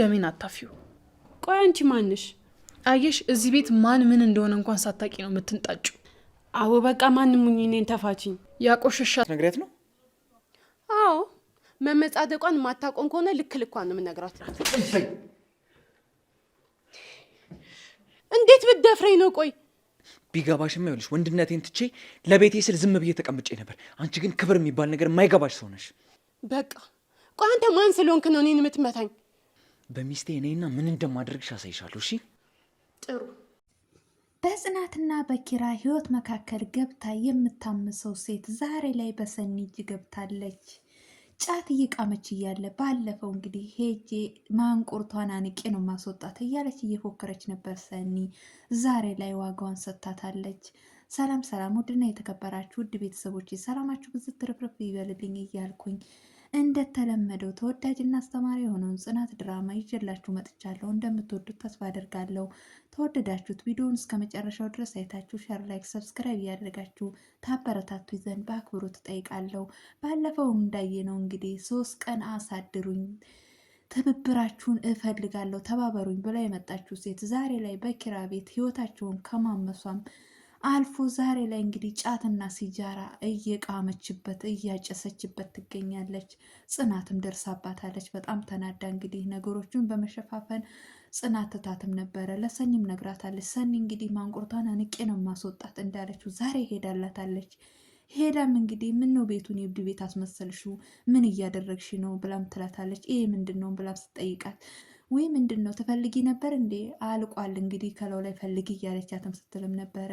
ደሜን አታፊው። ቆይ አንቺ ማንሽ? አየሽ እዚህ ቤት ማን ምን እንደሆነ እንኳን ሳታቂ ነው የምትንጣጩ። አዎ በቃ ማንም ሙኝ እኔን ተፋችኝ። ያቆሸሻ ነግሬያት ነው። አዎ መመጻደቋን ማታቆም ከሆነ ልክ ልኳን ነው የምነግራት። እንዴት ብደፍረኝ ነው? ቆይ ቢገባሽ ይኸውልሽ ወንድነቴን ትቼ ለቤቴ ስል ዝም ብዬ ተቀምጬ ነበር። አንቺ ግን ክብር የሚባል ነገር የማይገባሽ ሰው ነሽ። በቃ ቆይ አንተ ማን ስለሆንክ ነው እኔን የምትመታኝ? በሚስቴ እኔና ምን እንደማደርግሽ አሳይሻለሁ። እሺ? ጥሩ። በጽናትና በኪራ ህይወት መካከል ገብታ የምታምሰው ሴት ዛሬ ላይ በሰኒ እጅ ገብታለች። ጫት እየቃመች እያለ ባለፈው እንግዲህ ሄጄ ማንቁርቷን አንቄ ነው ማስወጣት እያለች እየፎከረች ነበር ሰኒ። ዛሬ ላይ ዋጋዋን ሰጥታታለች። ሰላም ሰላም! ውድና የተከበራችሁ ውድ ቤተሰቦች ሰላማችሁ ብዝት ትርፍርፍ ይበልልኝ እያልኩኝ እንደተለመደው ተወዳጅና አስተማሪ የሆነውን ጽናት ድራማ ይዤላችሁ መጥቻለሁ። እንደምትወዱት ተስፋ አደርጋለሁ። ተወደዳችሁት ቪዲዮውን እስከ መጨረሻው ድረስ አይታችሁ ሸር፣ ላይክ፣ ሰብስክራይብ እያደረጋችሁ ታበረታቱ ዘንድ በአክብሮት ትጠይቃለሁ። ባለፈው እንዳየነው እንግዲህ ሶስት ቀን አሳድሩኝ ትብብራችሁን እፈልጋለሁ ተባበሩኝ ብላ የመጣችሁ ሴት ዛሬ ላይ በኪራ ቤት ህይወታቸውን ከማመሷም አልፎ ዛሬ ላይ እንግዲህ ጫትና ሲጃራ እየቃመችበት እያጨሰችበት ትገኛለች። ጽናትም ደርሳባታለች። በጣም ተናዳ እንግዲህ ነገሮቹን በመሸፋፈን ጽናት ትታትም ነበረ። ለሰኒም ነግራታለች። ሰኒ እንግዲህ ማንቁርቷን አንቄ ነው ማስወጣት እንዳለችው ዛሬ ሄዳላታለች። ሄዳም እንግዲህ ምን ነው ቤቱን የእብድ ቤት አስመሰልሽው ምን እያደረግሽ ነው ብላም ትላታለች። ይሄ ምንድን ነው ብላም ስትጠይቃት ወይ ምንድን ነው ትፈልጊ ነበር እንዴ? አልቋል እንግዲህ ከለው ላይ ፈልጊ እያለቻትም ስትልም ነበረ።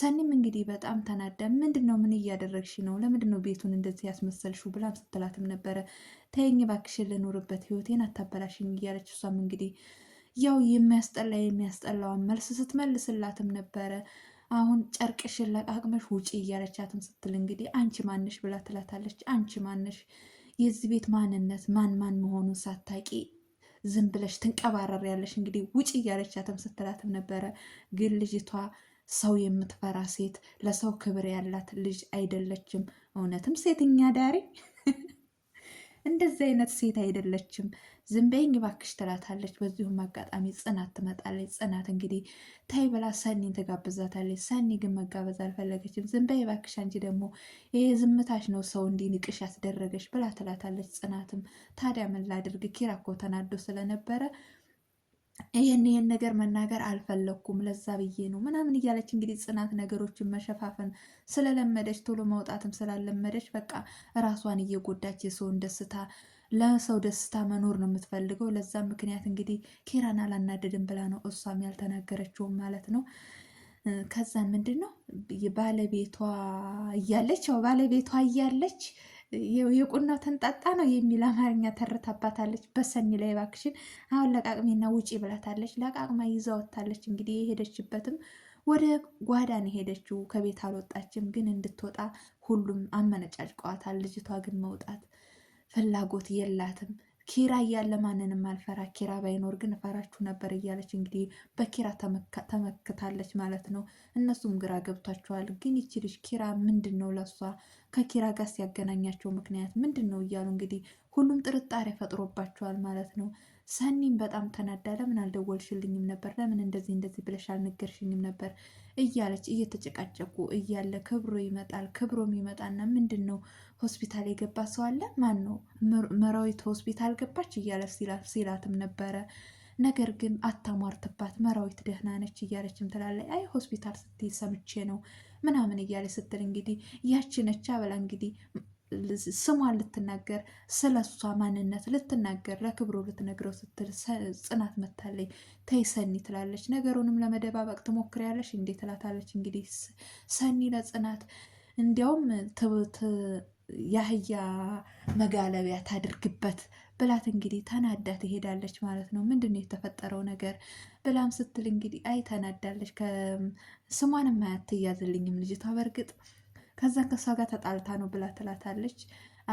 ሰኒም እንግዲህ በጣም ተናዳ ምንድን ነው ምን እያደረግሽ ነው? ለምንድን ነው ቤቱን እንደዚህ ያስመሰልሹ? ብላም ስትላትም ነበረ። ተይኝ እባክሽን ልኖርበት፣ ህይወቴን አታበላሽኝ እያለች እሷም እንግዲህ ያው የሚያስጠላ የሚያስጠላዋን መልስ ስትመልስላትም ነበረ። አሁን ጨርቅሽን ለቃቅመሽ ውጪ እያለቻትም ስትል እንግዲህ አንቺ ማንሽ ብላ ትላታለች። አንቺ ማንሽ የዚህ ቤት ማንነት ማን ማን መሆኑን ሳታቂ ዝም ብለሽ ትንቀባረር ያለሽ እንግዲህ ውጭ እያለቻትም ስትላትም ነበረ። ግን ልጅቷ ሰው የምትፈራ ሴት፣ ለሰው ክብር ያላት ልጅ አይደለችም። እውነትም ሴትኛ ዳሪ እንደዚህ አይነት ሴት አይደለችም፣ ዝም በይኝ እባክሽ ትላታለች። በዚሁም አጋጣሚ ጽናት ትመጣለች። ጽናት እንግዲህ ታይ ብላ ሰኒን ትጋብዛታለች። ሰኒ ግን መጋበዝ አልፈለገችም። ዝም በይ እባክሽ፣ አንቺ ደግሞ ይሄ ዝምታሽ ነው ሰው እንዲንቅሽ ያስደረገች ብላ ትላታለች። ጽናትም ታዲያ ምን ላድርግ ኪራ እኮ ተናዶ ስለነበረ ይህን ይህን ነገር መናገር አልፈለግኩም ለዛ ብዬ ነው ምናምን እያለች እንግዲህ ጽናት ነገሮችን መሸፋፈን ስለለመደች ቶሎ መውጣትም ስላለመደች በቃ ራሷን እየጎዳች የሰውን ደስታ ለሰው ደስታ መኖር ነው የምትፈልገው። ለዛም ምክንያት እንግዲህ ኬራን አላናደድም ብላ ነው እሷም ያልተናገረችውም ማለት ነው። ከዛ ምንድን ነው ባለቤቷ እያለች ያው ባለቤቷ እያለች የቁና ተንጣጣ ነው የሚል አማርኛ ተርታባታለች። በሰኒ ላይ ባክሽን አሁን ለቃቅሜና ውጪ ብላታለች። ለቃቅማ ይዛ ወታለች። እንግዲህ የሄደችበትም ወደ ጓዳን የሄደችው ከቤት አልወጣችም፣ ግን እንድትወጣ ሁሉም አመነጫጭቀዋታል። ልጅቷ ግን መውጣት ፍላጎት የላትም። ኪራ እያለ ማንንም አልፈራ ኪራ ባይኖር ግን እፈራችሁ ነበር እያለች እንግዲህ በኪራ ተመክታለች ማለት ነው። እነሱም ግራ ገብቷቸዋል። ግን ይቺ ልጅ ኪራ ምንድን ነው ለሷ ከኪራ ጋር ሲያገናኛቸው ምክንያት ምንድን ነው እያሉ እንግዲህ ሁሉም ጥርጣሬ ፈጥሮባቸዋል ማለት ነው። ሰኒም በጣም ተናዳ ለምን አልደወልሽልኝም ነበር? ለምን እንደዚህ እንደዚህ ብለሽ አልነገርሽኝም ነበር? እያለች እየተጨቃጨቁ እያለ ክብሮ ይመጣል። ክብሮም ይመጣና ምንድን ነው ሆስፒታል የገባ ሰው አለ? ማን ነው መራዊት ሆስፒታል ገባች እያለ ሲላትም ነበረ። ነገር ግን አታሟርትባት፣ መራዊት ደህና ነች እያለችም ትላለች። አይ ሆስፒታል ስትሄድ ሰምቼ ነው ምናምን እያለ ስትል እንግዲህ ያቺ ነች አበላ እንግዲህ ስሟን ልትናገር ስለ እሷ ማንነት ልትናገር ለክብሩ ልትነግረው ስትል ጽናት መታለይ ተይ ሰኒ ትላለች። ነገሩንም ለመደባበቅ ትሞክሪያለሽ እንዴ ትላታለች። እንግዲህ ሰኒ ለጽናት እንዲያውም የአህያ መጋለቢያ ታድርግበት ብላት እንግዲህ ተናዳ ትሄዳለች ማለት ነው። ምንድን ነው የተፈጠረው ነገር ብላም ስትል እንግዲህ አይ ተናዳለች። ስሟንም ትያዝልኝም ልጅቷ በእርግጥ ከዛ ከሷ ጋር ተጣልታ ነው ብላ ትላታለች።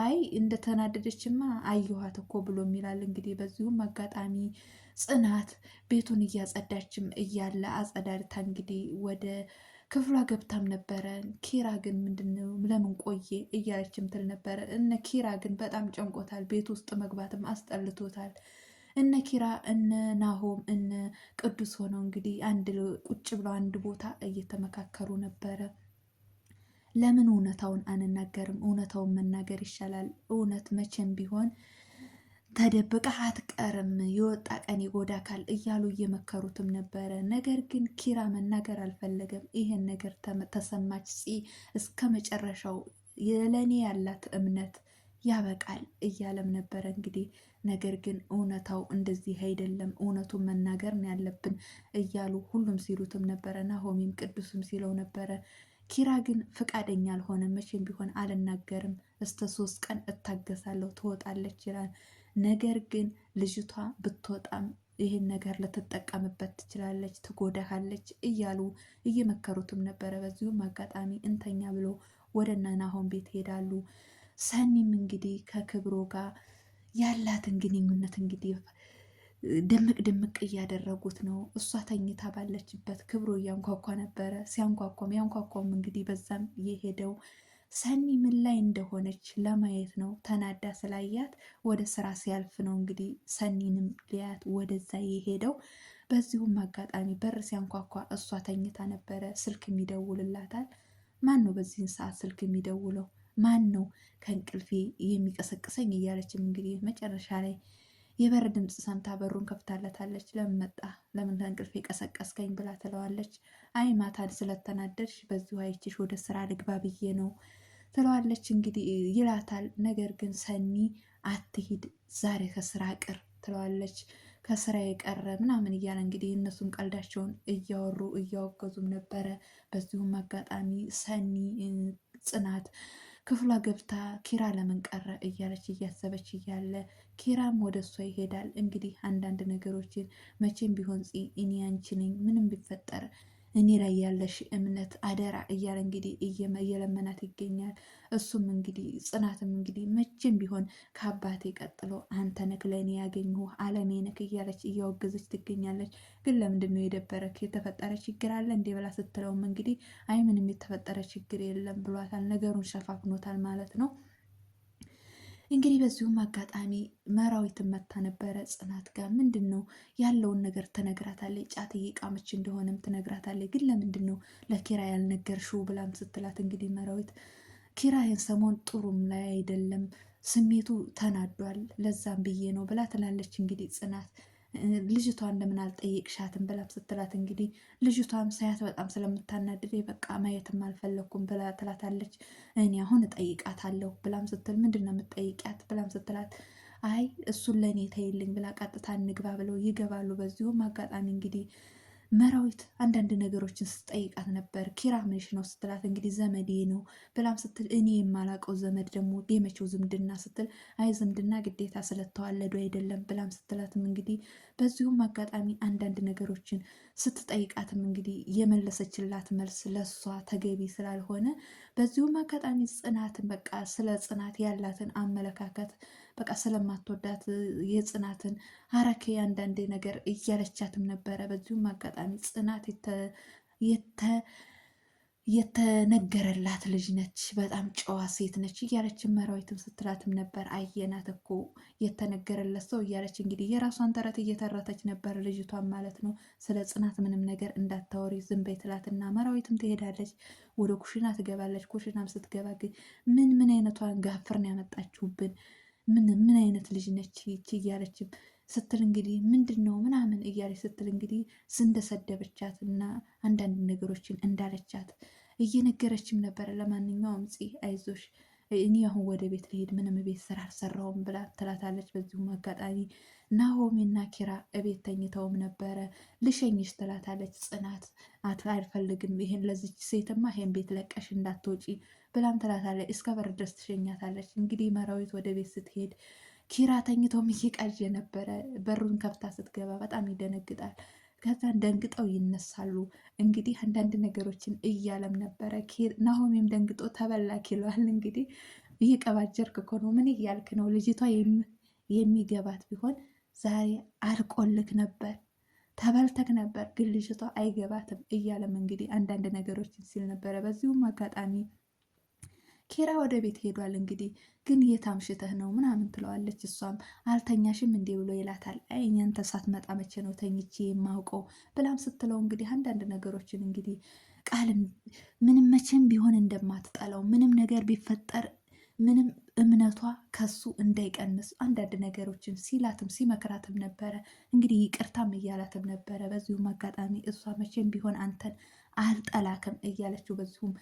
አይ እንደተናደደችማ አየኋት እኮ ብሎ የሚላል እንግዲህ። በዚሁም አጋጣሚ ጽናት ቤቱን እያጸዳችም እያለ አጸዳድታ እንግዲህ ወደ ክፍሏ ገብታም ነበረ። ኪራ ግን ምንድነው ለምን ቆየ እያለችም ትል ነበረ። እነ ኪራ ግን በጣም ጨንቆታል። ቤት ውስጥ መግባትም አስጠልቶታል። እነ ኪራ እነ ናሆም እነ ቅዱስ ሆነው እንግዲህ አንድ ቁጭ ብለው አንድ ቦታ እየተመካከሩ ነበረ። ለምን እውነታውን አንናገርም? እውነታውን መናገር ይሻላል። እውነት መቼም ቢሆን ተደብቀህ አትቀርም የወጣ ቀን ይጎዳካል እያሉ እየመከሩትም ነበረ። ነገር ግን ኪራ መናገር አልፈለገም። ይሄን ነገር ተሰማች ፂ እስከ መጨረሻው ለእኔ ያላት እምነት ያበቃል እያለም ነበረ እንግዲህ። ነገር ግን እውነታው እንደዚህ አይደለም፣ እውነቱን መናገር ነው ያለብን እያሉ ሁሉም ሲሉትም ነበረ። ናሆሚም ቅዱስም ሲለው ነበረ። ኪራ ግን ፈቃደኛ አልሆነ። መቼም ቢሆን አልናገርም፣ እስከ ሶስት ቀን እታገሳለሁ ትወጣለች ይላል። ነገር ግን ልጅቷ ብትወጣም ይህን ነገር ልትጠቀምበት ትችላለች፣ ትጎዳሃለች እያሉ እየመከሩትም ነበረ። በዚሁም አጋጣሚ እንተኛ ብሎ ወደ እነ ናሆም ቤት ይሄዳሉ። ሰኒም እንግዲህ ከክብሮ ጋር ያላትን ግንኙነት እንግዲህ ድምቅ ድምቅ እያደረጉት ነው። እሷ ተኝታ ባለችበት ክብሮ እያንኳኳ ነበረ። ሲያንኳኳም ያንኳኳም እንግዲህ በዛም የሄደው ሰኒ ምን ላይ እንደሆነች ለማየት ነው። ተናዳ ስላያት ወደ ስራ ሲያልፍ ነው እንግዲህ ሰኒንም ሊያት ወደዛ የሄደው። በዚሁም አጋጣሚ በር ሲያንኳኳ እሷ ተኝታ ነበረ። ስልክ የሚደውልላታል። ማን ነው በዚህን ሰዓት ስልክ የሚደውለው? ማን ነው ከእንቅልፌ የሚቀሰቅሰኝ? እያለችም እንግዲህ መጨረሻ ላይ የበር ድምፅ ሰምታ በሩን ከፍታለታለች። ለምን መጣ? ለምን ከእንቅልፍ የቀሰቀስከኝ ብላ ትለዋለች። አይ ማታን ስለተናደድሽ በዚሁ አይችሽ ወደ ስራ ልግባ ብዬ ነው ትለዋለች። እንግዲህ ይላታል። ነገር ግን ሰኒ አትሂድ፣ ዛሬ ከስራ ቅር ትለዋለች። ከስራ የቀረ ምናምን እያለ እንግዲህ እነሱም ቀልዳቸውን እያወሩ እያወገዙም ነበረ። በዚሁም አጋጣሚ ሰኒ ጽናት ክፍሏ ገብታ ኪራ ለምን ቀረ እያለች እያሰበች እያለ ኪራም ወደ እሷ ይሄዳል። እንግዲህ አንዳንድ ነገሮችን መቼም ቢሆን እኔ አንቺ ነኝ ምንም ቢፈጠር እኔ ላይ ያለሽ እምነት አደራ እያለ እንግዲህ እየለመናት ይገኛል። እሱም እንግዲህ ጽናትም እንግዲህ መቼም ቢሆን ከአባቴ ቀጥሎ አንተ ነክ ለእኔ ያገኘሁህ አለሜ ነክ እያለች እያወገዘች ትገኛለች። ግን ለምንድን ነው የደበረክ? የተፈጠረ ችግር አለ እንዴ ብላ ስትለውም እንግዲህ አይ ምንም የተፈጠረ ችግር የለም ብሏታል። ነገሩን ሸፋፍኖታል ማለት ነው። እንግዲህ በዚሁም አጋጣሚ መራዊት ትመታ ነበረ ጽናት ጋር ምንድን ነው ያለውን ነገር ትነግራታለች። ጫት እየቃመች እንደሆነም ትነግራታለች። ግን ለምንድን ነው ለኪራ ያልነገርሽው ብላም ስትላት እንግዲህ መራዊት ኪራይን ሰሞን ጥሩም ላይ አይደለም ስሜቱ ተናዷል፣ ለዛም ብዬ ነው ብላ ትላለች እንግዲህ ጽናት ልጅቷ እንደምን አልጠየቅሻትም ብላም ስትላት እንግዲህ ልጅቷም ሳያት በጣም ስለምታናድድ በቃ ማየትም አልፈለግኩም ብላ ትላታለች። እኔ አሁን እጠይቃታለሁ ብላም ስትል ምንድን ነው የምጠይቂያት ብላም ስትላት አይ እሱን ለእኔ ተይልኝ ብላ ቀጥታ እንግባ ብለው ይገባሉ። በዚሁም አጋጣሚ እንግዲህ መራዊት አንዳንድ ነገሮችን ስትጠይቃት ነበር። ኪራ ምንሽ ነው ስትላት እንግዲህ ዘመዴ ነው ብላም ስትል እኔ የማላቀው ዘመድ ደግሞ የመቼው ዝምድና ስትል አይ ዝምድና ግዴታ ስለተዋለዱ አይደለም ብላም ስትላትም እንግዲህ በዚሁም አጋጣሚ አንዳንድ ነገሮችን ስትጠይቃትም እንግዲህ የመለሰችላት መልስ ለሷ ተገቢ ስላልሆነ በዚሁም አጋጣሚ ጽናትን በቃ ስለ ጽናት ያላትን አመለካከት በቃ ስለማትወዳት የጽናትን አረኬ አንዳንዴ ነገር እያለቻትም ነበረ። በዚሁም አጋጣሚ ጽናት የተነገረላት ልጅ ነች፣ በጣም ጨዋ ሴት ነች እያለችን መራዊትም ስትላትም ነበር። አየናት እኮ የተነገረለት ሰው እያለች እንግዲህ የራሷን ተረት እየተረተች ነበር ልጅቷን ማለት ነው። ስለ ጽናት ምንም ነገር እንዳታወሪ ዝም በይ ትላትና መራዊትም ትሄዳለች፣ ወደ ኩሽና ትገባለች። ኩሽናም ስትገባ ግን ምን ምን አይነቷን ጋፍርን ያመጣችሁብን ምን ምን አይነት ልጅ ነች ይቺ እያለችም ስትል እንግዲህ ምንድን ነው ምናምን እያለች ስትል እንግዲህ ስንደሰደበቻት እና አንዳንድ ነገሮችን እንዳለቻት እየነገረችም ነበረ። ለማንኛውም ፂ አይዞሽ እኔ አሁን ወደ ቤት ልሄድ ምንም ቤት ስራ አልሰራውም ብላ ትላታለች። በዚሁም አጋጣሚ እና ኪራ እቤት ተኝተውም ነበረ። ልሸኝሽ ትላታለች። ጽናት አልፈልግም፣ ይሄን ለዚች ሴትማ ይሄን ቤት ለቀሽ እንዳትወጪ ብላም ትላታለች። እስከ በር ድረስ ትሸኛታለች። እንግዲህ መራዊት ወደ ቤት ስትሄድ ኪራ ተኝቶም እየቃዥ ነበረ። በሩን ከፍታ ስትገባ በጣም ይደነግጣል። ከዛ ደንግጠው ይነሳሉ። እንግዲህ አንዳንድ ነገሮችን እያለም ነበረ። ናሆሜም ደንግጦ ተበላክ ይለዋል። እንግዲህ እየቀባጀርክ እኮ ነው፣ ምን እያልክ ነው? ልጅቷ የሚገባት ቢሆን ዛሬ አርቆልክ ነበር፣ ተበልተክ ነበር፣ ግን ልጅቷ አይገባትም እያለም እንግዲህ አንዳንድ ነገሮችን ሲል ነበረ። በዚሁም አጋጣሚ ኪራ ወደ ቤት ሄዷል። እንግዲህ ግን የታምሽተህ ነው ምናምን ትለዋለች። እሷም አልተኛሽም እንዴ ብሎ ይላታል። እኛን ተሳት መጣ መቼ ነው ተኝቼ የማውቀው ብላም ስትለው እንግዲህ አንዳንድ ነገሮችን እንግዲህ ቃል ምንም መቼም ቢሆን እንደማትጠላው ምንም ነገር ቢፈጠር ምንም እምነቷ ከሱ እንዳይቀንስ አንዳንድ ነገሮችን ሲላትም ሲመክራትም ነበረ። እንግዲህ ይቅርታም እያላትም ነበረ። በዚሁም አጋጣሚ እሷ መቼም ቢሆን አንተን አልጠላክም እያለችው በዚሁም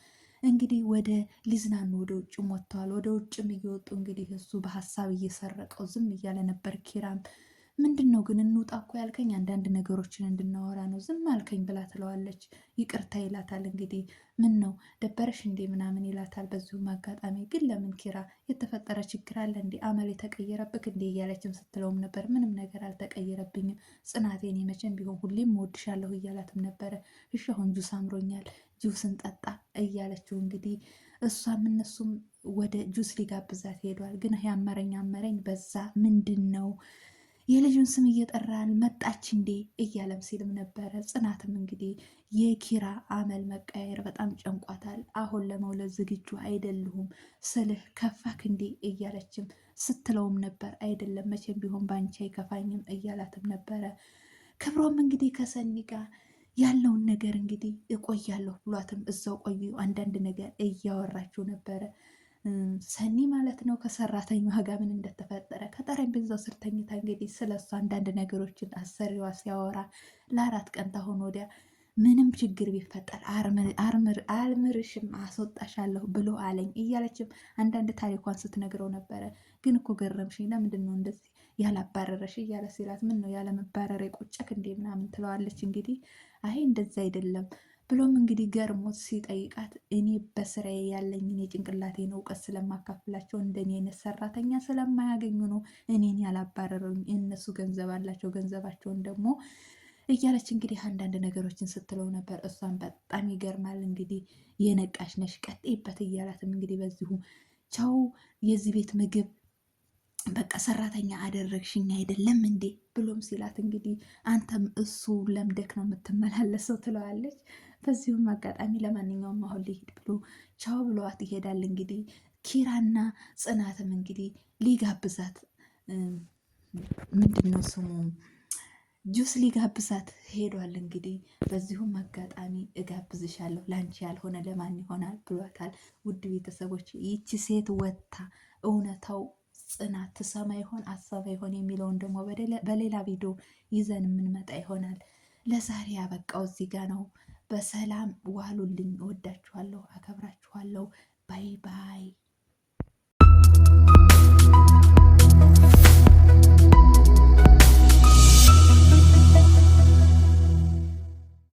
እንግዲህ ወደ ሊዝናኑ ወደ ውጭም ወጥተዋል። ወደ ውጭም እየወጡ እንግዲህ እሱ በሀሳብ እየሰረቀው ዝም እያለ ነበር ኪራም ምንድን ነው ግን እንውጣ እኮ ያልከኝ አንዳንድ ነገሮችን እንድናወራ ነው ዝም አልከኝ ብላ ትለዋለች። ይቅርታ ይላታል። እንግዲህ ምን ነው ደበረሽ እንዴ ምናምን ይላታል። በዚሁም አጋጣሚ ግን ለምን ኪራ የተፈጠረ ችግር አለ እንዴ አመል የተቀየረብክ እንዴ እያለችም ስትለውም ነበር። ምንም ነገር አልተቀየረብኝም ጽናቴን መቼም ቢሆን ሁሌም ወድሻለሁ እያላትም ነበረ። እሺ አሁን ጁስ አምሮኛል ጁስን ጠጣ እያለችው እንግዲህ እሷም እነሱም ወደ ጁስ ሊጋብዛት ሄዷል። ግን ያመረኝ አመረኝ በዛ ምንድን ነው የልጁን ስም እየጠራን መጣች እንዴ እያለም ሲልም ነበረ። ጽናትም እንግዲህ የኪራ አመል መቀየር በጣም ጨንቋታል። አሁን ለመውለድ ዝግጁ አይደልሁም ስልህ ከፋክ እንዴ እያለችም ስትለውም ነበር። አይደለም መቼም ቢሆን በአንቺ አይከፋኝም እያላትም ነበረ። ክብሮም እንግዲህ ከሰኒ ጋር ያለውን ነገር እንግዲህ እቆያለሁ ብሏትም እዛው ቆዩ አንዳንድ ነገር እያወራችው ነበረ። ሰኒ ማለት ነው ከሰራተኛ ጋር ምን እንደተፈጠረ ከጠረጴዛው ስር ተኝታ እንግዲህ ስለ እሱ አንዳንድ ነገሮችን አሰሪዋ ሲያወራ ለአራት ቀን ታሆን ወዲያ ምንም ችግር ቢፈጠር አልምርሽም አስወጣሻለሁ ብሎ አለኝ እያለችም አንዳንድ ታሪኳን ስትነግረው ነበረ። ግን እኮ ገረምሽኝ፣ ለምንድን ነው እንደዚህ ያላባረረሽ እያለ ሲላት፣ ምን ነው ያለመባረር የቆጨክ እንዴ ምናምን ትለዋለች። እንግዲህ አይ እንደዚ አይደለም ብሎም እንግዲህ ገርሞት ሲጠይቃት እኔ በስራዬ ያለኝን የጭንቅላቴን እውቀት ስለማካፍላቸው እንደኔ አይነት ሰራተኛ ስለማያገኙ ነው እኔን ያላባረረኝ። እነሱ ገንዘብ አላቸው፣ ገንዘባቸውን ደግሞ እያለች እንግዲህ አንዳንድ ነገሮችን ስትለው ነበር። እሷን በጣም ይገርማል እንግዲህ የነቃሽ ነሽ ቀጤበት እያላትም እንግዲህ በዚሁ ቻው የዚህ ቤት ምግብ በቃ ሰራተኛ አደረግሽኝ አይደለም እንዴ ብሎም ሲላት እንግዲህ አንተም እሱ ለምደክ ነው የምትመላለሰው ትለዋለች። በዚሁም አጋጣሚ ለማንኛውም አሁን ሊሄድ ብሎ ቻው ብለዋት ይሄዳል። እንግዲህ ኪራና ጽናትም እንግዲህ ሊጋብዛት ምንድን ነው ስሙ ጁስ ሊጋብዛት ሄዷል። እንግዲህ በዚሁም አጋጣሚ እጋብዝሻለሁ ላንቺ ያልሆነ ለማን ይሆናል ብሏታል። ውድ ቤተሰቦች ይቺ ሴት ወጥታ እውነታው ጽናት ትሰማ ይሆን አሰባ ይሆን የሚለውን ደግሞ በሌላ ቪዲዮ ይዘን የምንመጣ ይሆናል። ለዛሬ ያበቃው እዚህ ጋ ነው። በሰላም ዋሉልኝ። እወዳችኋለሁ፣ አከብራችኋለሁ። ባይ ባይ።